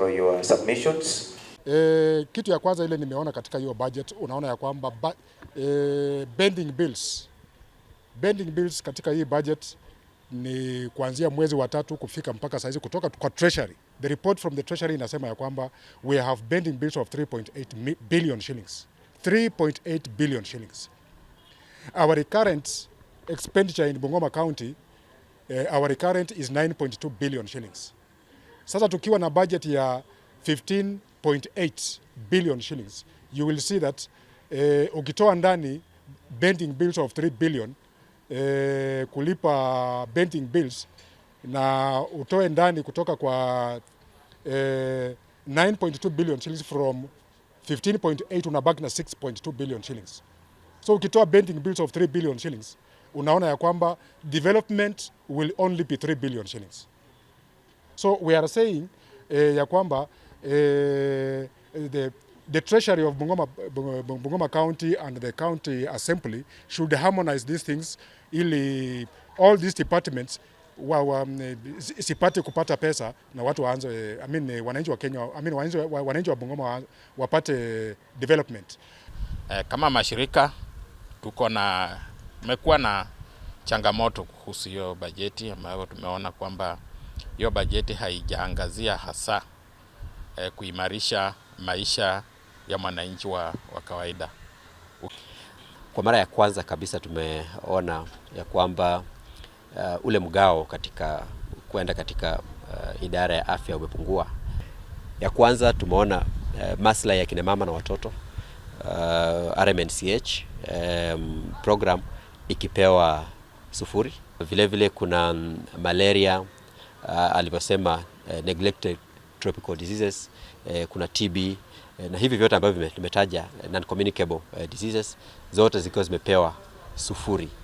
Your submissions. Eh, kitu ya kwanza ile nimeona katika hiyo budget unaona ya kwamba ba, eh, bending bills. Bending bills katika hii budget ni kuanzia mwezi wa tatu kufika mpaka saizi kutoka kwa treasury. The report from the treasury inasema ya kwamba we have bending bills of 3.8 billion shillings. 3.8 billion shillings. Our recurrent expenditure in Bungoma County, eh, our recurrent is 9.2 billion shillings. Sasa tukiwa na budget ya 15.8 billion shillings you will see that eh, ukitoa ndani bending bills of 3 billion eh, kulipa bending bills na utoe ndani kutoka kwa eh, 9.2 billion shillings from 15.8 unabaki na 6.2 billion shillings. So ukitoa bending bills of 3 billion shillings unaona ya kwamba development will only be 3 billion shillings. So we are saying eh, ya kwamba eh, the, the treasury of Bungoma, Bungoma County and the county assembly should harmonize these things ili all these departments wa, wa, mm, sipate kupata pesa na watu waanze, I mean, wananchi wa Kenya, I mean, wananchi wa Bungoma wapate development. Eh, kama mashirika tuko na tumekuwa na changamoto kuhusu hiyo bajeti ambayo tumeona kwamba hiyo bajeti haijaangazia hasa eh, kuimarisha maisha ya mwananchi wa, wa kawaida. Kwa mara ya kwanza kabisa tumeona ya kwamba uh, ule mgao katika kwenda katika uh, idara ya afya umepungua. Ya kwanza tumeona uh, maslahi ya kinamama na watoto uh, RMNCH um, program ikipewa sufuri. Vilevile vile kuna mm, malaria uh, alivyosema uh, neglected tropical diseases uh, kuna TB uh, na hivi vyote ambavyo nimetaja uh, non communicable uh, diseases zote zikiwa zimepewa sufuri.